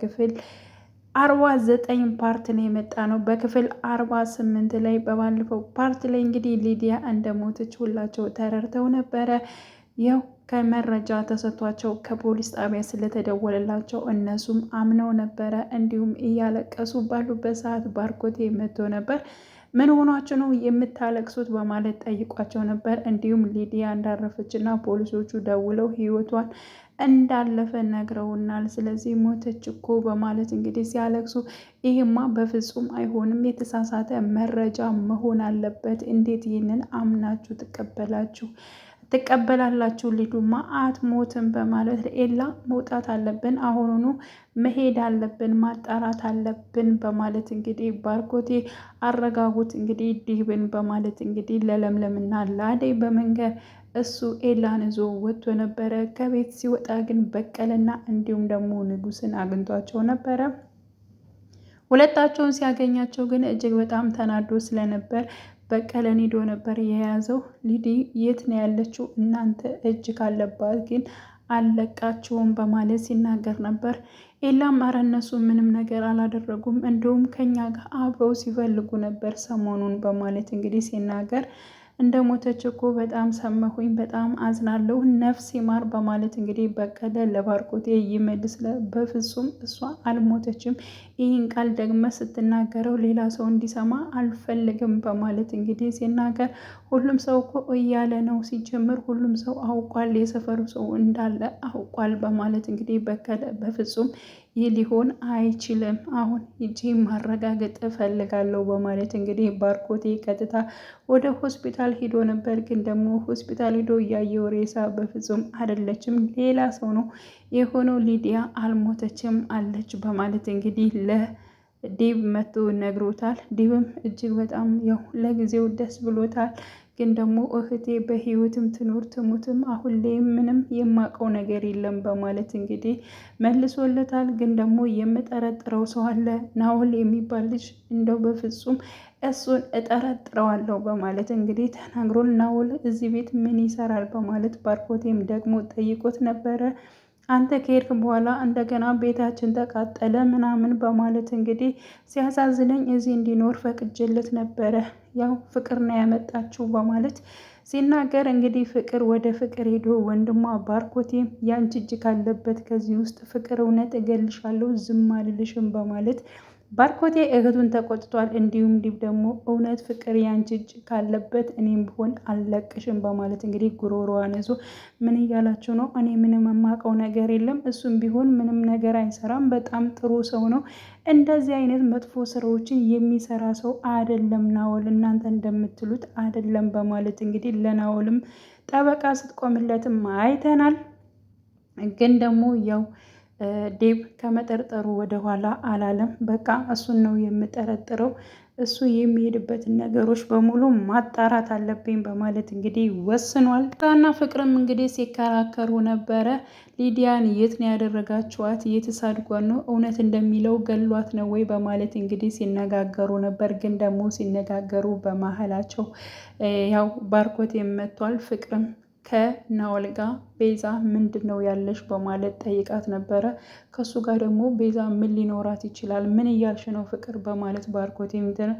ክፍል አርባ ዘጠኝ ፓርት ነው የመጣ ነው። በክፍል አርባ ስምንት ላይ በባለፈው ፓርት ላይ እንግዲህ ሊዲያ እንደሞተች ሁላቸው ተረድተው ነበረ። ያው ከመረጃ ተሰጥቷቸው ከፖሊስ ጣቢያ ስለተደወለላቸው እነሱም አምነው ነበረ። እንዲሁም እያለቀሱ ባሉበት ሰዓት ባርኮቴ መጥቶ ነበር። ምን ሆኗቸው ነው የምታለቅሱት? በማለት ጠይቋቸው ነበር። እንዲሁም ሊዲያ እንዳረፈች እና ፖሊሶቹ ደውለው ህይወቷን እንዳለፈ ነግረውናል። ስለዚህ ሞተች እኮ በማለት እንግዲህ ሲያለቅሱ፣ ይህማ በፍጹም አይሆንም፣ የተሳሳተ መረጃ መሆን አለበት፣ እንዴት ይህንን አምናችሁ ትቀበላችሁ ትቀበላላችሁ ልጁማ አትሞትም በማለት ኤላ መውጣት አለብን፣ አሁኑኑ መሄድ አለብን፣ ማጣራት አለብን በማለት እንግዲህ ባርኮቴ አረጋጉት እንግዲህ ዲህብን በማለት እንግዲህ ለለምለምና ለአደይ በመንገድ እሱ ኤላን ይዞ ወጥቶ ነበረ። ከቤት ሲወጣ ግን በቀለና እንዲሁም ደግሞ ንጉስን አግኝቷቸው ነበረ። ሁለታቸውን ሲያገኛቸው ግን እጅግ በጣም ተናዶ ስለነበር በቀለን ሄዶ ነበር የያዘው። ሊዲ የት ነው ያለችው? እናንተ እጅ ካለባት ግን አለቃቸውን በማለት ሲናገር ነበር። ኤላም አረ እነሱ ምንም ነገር አላደረጉም፣ እንደውም ከኛ ጋር አብረው ሲፈልጉ ነበር ሰሞኑን በማለት እንግዲህ ሲናገር እንደ ሞተች እኮ በጣም ሰመሁኝ፣ በጣም አዝናለሁ፣ ነፍስ ይማር በማለት እንግዲህ በቀለ ለባርኮቴ ይመልስ። በፍጹም እሷ አልሞተችም፣ ይህን ቃል ደግመ ስትናገረው ሌላ ሰው እንዲሰማ አልፈልግም በማለት እንግዲህ ሲናገር ሁሉም ሰው እኮ እያለ ነው ሲጀምር ሁሉም ሰው አውቋል፣ የሰፈሩ ሰው እንዳለ አውቋል በማለት እንግዲህ በቀለ በፍጹም ይህ ሊሆን አይችልም፣ አሁን ሂጄ ማረጋገጥ እፈልጋለሁ በማለት እንግዲህ ባርኮቴ ቀጥታ ወደ ሆስፒታል ሂዶ ነበር። ግን ደግሞ ሆስፒታል ሂዶ እያየው ሬሳ በፍጹም አይደለችም፣ ሌላ ሰው ነው የሆነው፣ ሊዲያ አልሞተችም አለች በማለት እንግዲህ ዲብ መቶ ነግሮታል። ዲብም እጅግ በጣም ያው ለጊዜው ደስ ብሎታል። ግን ደግሞ እህቴ በህይወትም ትኖር ትሙትም አሁን ላይ ምንም የማውቀው ነገር የለም በማለት እንግዲህ መልሶለታል። ግን ደግሞ የምጠረጥረው ሰው አለ ናሆል የሚባል ልጅ እንደው በፍጹም እሱን እጠረጥረዋለሁ በማለት እንግዲህ ተናግሮን ናውል እዚህ ቤት ምን ይሰራል በማለት ባርኮቴም ደግሞ ጠይቆት ነበረ። አንተ ከሄድክ በኋላ እንደገና ቤታችን ተቃጠለ ምናምን በማለት እንግዲህ ሲያሳዝነኝ እዚህ እንዲኖር ፈቅጄለት ነበረ፣ ያው ፍቅር ነው ያመጣችው በማለት ሲናገር እንግዲህ ፍቅር ወደ ፍቅር ሄዶ ወንድሟ ባርኮቴ ያንቺ እጅ ካለበት ከዚህ ውስጥ ፍቅር እውነት እገልሻለሁ ዝም አልልሽም በማለት ባርኮቴ እህቱን ተቆጥቷል። እንዲሁም ዲብ ደግሞ እውነት ፍቅር ያንቺ እጅ ካለበት እኔም ብሆን አልለቅሽም በማለት እንግዲህ ጉሮሮዋን ይዞ ምን እያላችሁ ነው? እኔ ምንም የማውቀው ነገር የለም። እሱም ቢሆን ምንም ነገር አይሰራም። በጣም ጥሩ ሰው ነው። እንደዚህ አይነት መጥፎ ስራዎችን የሚሰራ ሰው አይደለም ናወል፣ እናንተ እንደምትሉት አይደለም በማለት እንግዲህ ለናወልም ጠበቃ ስትቆምለትም አይተናል። ግን ደግሞ ያው ዴብ ከመጠርጠሩ ወደኋላ አላለም። በቃ እሱን ነው የምጠረጥረው፣ እሱ የሚሄድበትን ነገሮች በሙሉ ማጣራት አለብኝ በማለት እንግዲህ ወስኗል። ራና ፍቅርም እንግዲህ ሲከራከሩ ነበረ። ሊዲያን የት ነው ያደረጋችኋት? የትስ አድጓን ነው እውነት እንደሚለው ገሏት ነው ወይ በማለት እንግዲህ ሲነጋገሩ ነበር። ግን ደግሞ ሲነጋገሩ በመሀላቸው ያው ባርኮቴም መጥቷል። ፍቅርም ከናወል ጋር ቤዛ ምንድን ነው ያለሽ በማለት ጠይቃት ነበረ። ከሱ ጋር ደግሞ ቤዛ ምን ሊኖራት ይችላል? ምን እያልሽ ነው ፍቅር በማለት ባርኮት የሚደረ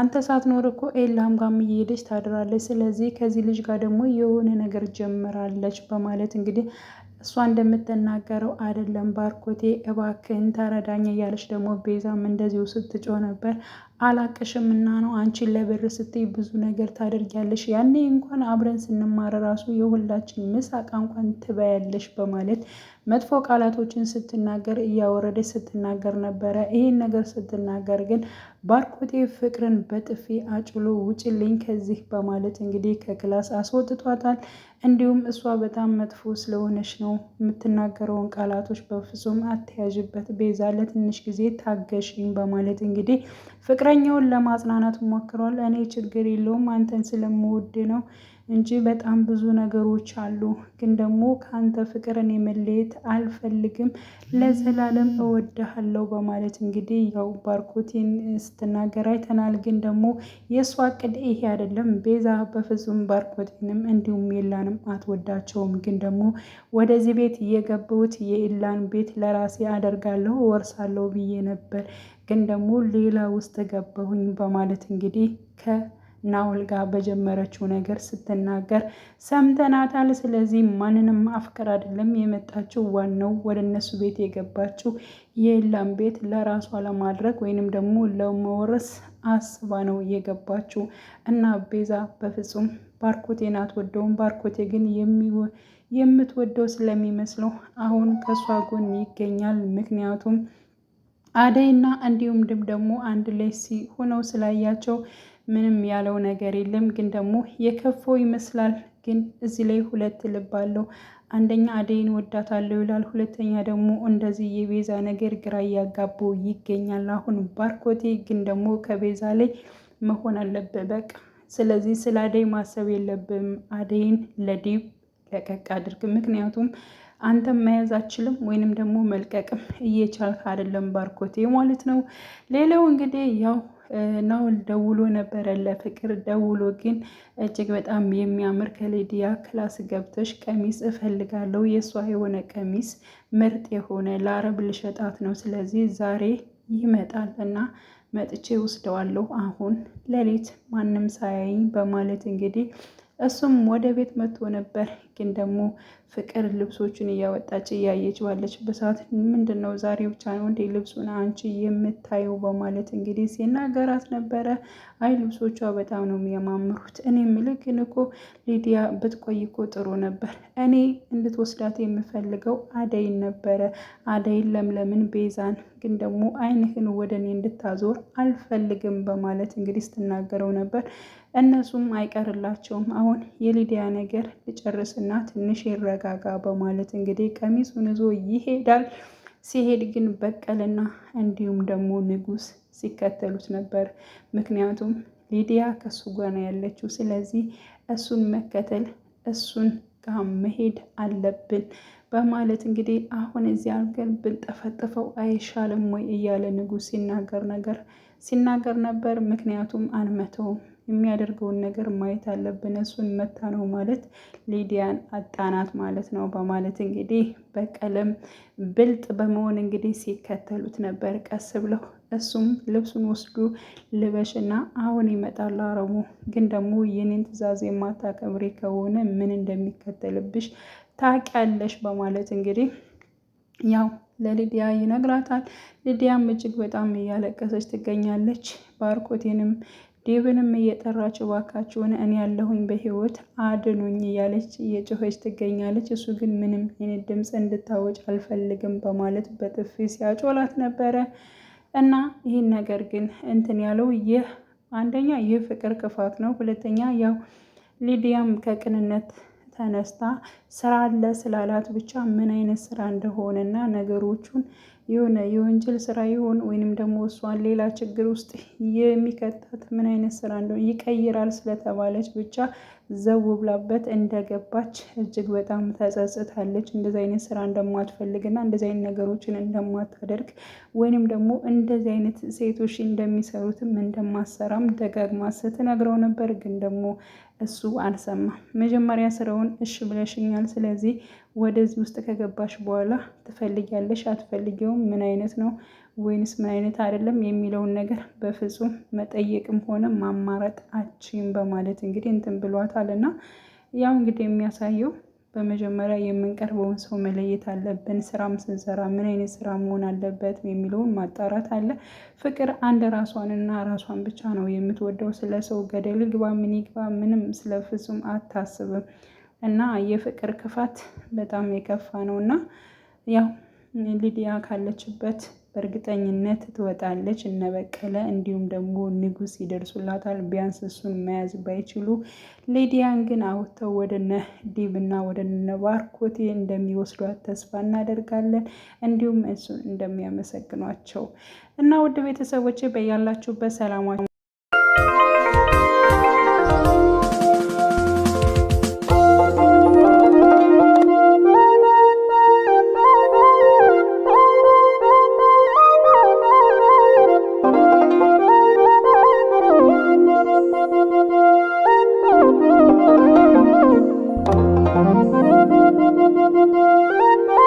አንተ ሳትኖር እኮ ኤላም ጋር እየሄደች ታድራለች። ስለዚህ ከዚህ ልጅ ጋር ደግሞ የሆነ ነገር ጀምራለች በማለት እንግዲህ እሷ እንደምትናገረው አይደለም። ባርኮቴ እባክህን ተረዳኝ እያለች ደግሞ ቤዛም እንደዚሁ ስትጮህ ነበር። አላቅሽም እና ነው አንቺን ለብር ስትይ ብዙ ነገር ታደርጊያለሽ። ያኔ እንኳን አብረን ስንማር ራሱ የሁላችን ምሳቃ እንኳን ትበያለሽ በማለት መጥፎ ቃላቶችን ስትናገር እያወረደች ስትናገር ነበረ። ይህን ነገር ስትናገር ግን ባርኮቴ ፍቅርን በጥፊ አጭሎ ውጭልኝ ከዚህ በማለት እንግዲህ ከክላስ አስወጥቷታል። እንዲሁም እሷ በጣም መጥፎ ስለሆነች ነው የምትናገረውን ቃላቶች በፍጹም አተያዥበት፣ ቤዛ ለትንሽ ጊዜ ታገሽኝ በማለት እንግዲህ ፍቅረኛውን ለማጽናናት ሞክሯል። እኔ ችግር የለውም አንተን ስለምወድ ነው እንጂ በጣም ብዙ ነገሮች አሉ። ግን ደግሞ ከአንተ ፍቅርን የመለየት አልፈልግም ለዘላለም እወድሃለሁ በማለት እንግዲህ ያው ባርኮቴን ስትናገር አይተናል። ግን ደግሞ የእሷ እቅድ ይሄ አይደለም። ቤዛ በፍጹም ባርኮቴንም እንዲሁም ኤላንም አትወዳቸውም። ግን ደግሞ ወደዚህ ቤት የገባሁት የኢላን ቤት ለራሴ አደርጋለሁ ወርሳለሁ ብዬ ነበር ግን ደግሞ ሌላ ውስጥ ገባሁኝ በማለት እንግዲህ ከ ናውል ጋር በጀመረችው ነገር ስትናገር ሰምተናታል። ስለዚህ ማንንም አፍቅር አይደለም የመጣችው፣ ዋናው ወደ እነሱ ቤት የገባችው የላም ቤት ለራሷ ለማድረግ ወይንም ደግሞ ለመወረስ አስባ ነው የገባችው እና ቤዛ በፍጹም ባርኮቴ ናት ወደውም ባርኮቴ ግን የምትወደው ስለሚመስለው አሁን ከእሷ ጎን ይገኛል። ምክንያቱም አደይና እንዲሁም ድም ደግሞ አንድ ላይ ሆነው ስላያቸው ምንም ያለው ነገር የለም። ግን ደግሞ የከፋው ይመስላል። ግን እዚህ ላይ ሁለት ልብ አለው። አንደኛ አደይን ወዳታለሁ ይላል፣ ሁለተኛ ደግሞ እንደዚህ የቤዛ ነገር ግራ እያጋቡ ይገኛል። አሁን ባርኮቴ ግን ደግሞ ከቤዛ ላይ መሆን አለብህ በቃ። ስለዚህ ስለ አደይ ማሰብ የለብም። አደይን ለዲብ ለቀቅ አድርግ። ምክንያቱም አንተም መያዝ አችልም ወይንም ደግሞ መልቀቅም እየቻልክ አይደለም ባርኮቴ ማለት ነው። ሌላው እንግዲህ ያው ናውል ደውሎ ነበረ ለፍቅር ደውሎ ግን እጅግ በጣም የሚያምር ከሌዲያ ክላስ ገብተሽ ቀሚስ እፈልጋለሁ፣ የእሷ የሆነ ቀሚስ ምርጥ የሆነ ለአረብ ልሸጣት ነው። ስለዚህ ዛሬ ይመጣል እና መጥቼ ወስደዋለሁ አሁን ሌሊት ማንም ሳያይኝ በማለት እንግዲህ እሱም ወደ ቤት መጥቶ ነበር ግን ደግሞ ፍቅር ልብሶቹን እያወጣች እያየች ባለችበት ሰዓት ምንድን ነው ዛሬ ብቻ ነው እንዴ ልብሱን አንቺ የምታየው? በማለት እንግዲህ ሲናገራት ነበረ። አይ ልብሶቿ በጣም ነው የሚያማምሩት። እኔ ምልክ ግን እኮ ሊዲያ ብትቆይ እኮ ጥሩ ነበር። እኔ እንድትወስዳት የምፈልገው አደይን ነበረ። አደይን ለምለምን፣ ቤዛን ግን ደግሞ አይንህን ወደ እኔ እንድታዞር አልፈልግም በማለት እንግዲህ ስትናገረው ነበር። እነሱም አይቀርላቸውም አሁን የሊዲያ ነገር ልጨርስን እና ትንሽ ይረጋጋ በማለት እንግዲህ ቀሚሱን ይዞ ይሄዳል። ሲሄድ ግን በቀልና እንዲሁም ደግሞ ንጉስ ሲከተሉት ነበር። ምክንያቱም ሊዲያ ከሱ ጋር ነው ያለችው። ስለዚህ እሱን መከተል እሱን ጋር መሄድ አለብን በማለት እንግዲህ አሁን እዚህ አድርገን ብንጠፈጥፈው አይሻልም ወይ እያለ ንጉስ ሲናገር ነገር ሲናገር ነበር። ምክንያቱም አንመተውም የሚያደርገውን ነገር ማየት አለብን። እሱን መታ ነው ማለት ሊዲያን አጣናት ማለት ነው በማለት እንግዲህ በቀለም ብልጥ በመሆን እንግዲህ ሲከተሉት ነበር ቀስ ብለው። እሱም ልብሱን ወስዱ ልበሽና አሁን ይመጣል አረሙ። ግን ደግሞ የኔን ትዕዛዝ የማታከብሪ ከሆነ ምን እንደሚከተልብሽ ታውቂያለሽ በማለት እንግዲህ ያው ለሊዲያ ይነግራታል። ሊዲያም እጅግ በጣም እያለቀሰች ትገኛለች። ባርኮቴንም ዴብንም እየጠራች እባካችሁን እኔ ያለሁኝ በህይወት አድኑኝ እያለች እየጮኸች ትገኛለች። እሱ ግን ምንም አይነት ድምፅ እንድታወጭ አልፈልግም በማለት በጥፊ ሲያጮላት ነበረ እና ይህን ነገር ግን እንትን ያለው ይህ አንደኛ ይህ ፍቅር ክፋት ነው፣ ሁለተኛ ያው ሊዲያም ከቅንነት ተነስታ ስራ አለ ስላላት ብቻ ምን አይነት ስራ እንደሆነና ነገሮቹን የሆነ የወንጀል ስራ ይሆን ወይንም ደግሞ እሷን ሌላ ችግር ውስጥ የሚከታት ምን አይነት ስራ እንደሆነ ይቀይራል ስለተባለች ብቻ ዘው ብላበት እንደገባች እጅግ በጣም ተጸጽታለች። እንደዚህ አይነት ስራ እንደማትፈልግና እንደዚህ አይነት ነገሮችን እንደማታደርግ ወይንም ደግሞ እንደዚህ አይነት ሴቶች እንደሚሰሩትም እንደማሰራም ደጋግማ ስትነግረው ነበር ግን ደግሞ እሱ አልሰማም። መጀመሪያ ስራውን እሽ ብለሽኛል፣ ስለዚህ ወደዚህ ውስጥ ከገባሽ በኋላ ትፈልጊያለሽ፣ አትፈልጊውም፣ ምን አይነት ነው ወይንስ ምን አይነት አይደለም የሚለውን ነገር በፍጹም መጠየቅም ሆነ ማማረጥ አችም በማለት እንግዲህ እንትን ብሏታል እና ያው እንግዲህ የሚያሳየው በመጀመሪያ የምንቀርበውን ሰው መለየት አለብን። ስራም ስንሰራ ምን አይነት ስራ መሆን አለበት የሚለውን ማጣራት አለ። ፍቅር አንድ ራሷንና ራሷን ብቻ ነው የምትወደው። ስለ ሰው ገደል ግባ ምን ይግባ ምንም ስለ ፍጹም አታስብም። እና የፍቅር ክፋት በጣም የከፋ ነው እና ያው ሊዲያ ካለችበት በእርግጠኝነት ትወጣለች። እነበቀለ እንዲሁም ደግሞ ንጉስ ይደርሱላታል። ቢያንስ እሱን መያዝ ባይችሉ ሌዲያን ግን አውጥተው ወደ እነ ዲብ እና ወደ ባርኮቴ እንደሚወስዷት ተስፋ እናደርጋለን። እንዲሁም እሱን እንደሚያመሰግኗቸው እና ውድ ቤተሰቦች በያላችሁበት ሰላማ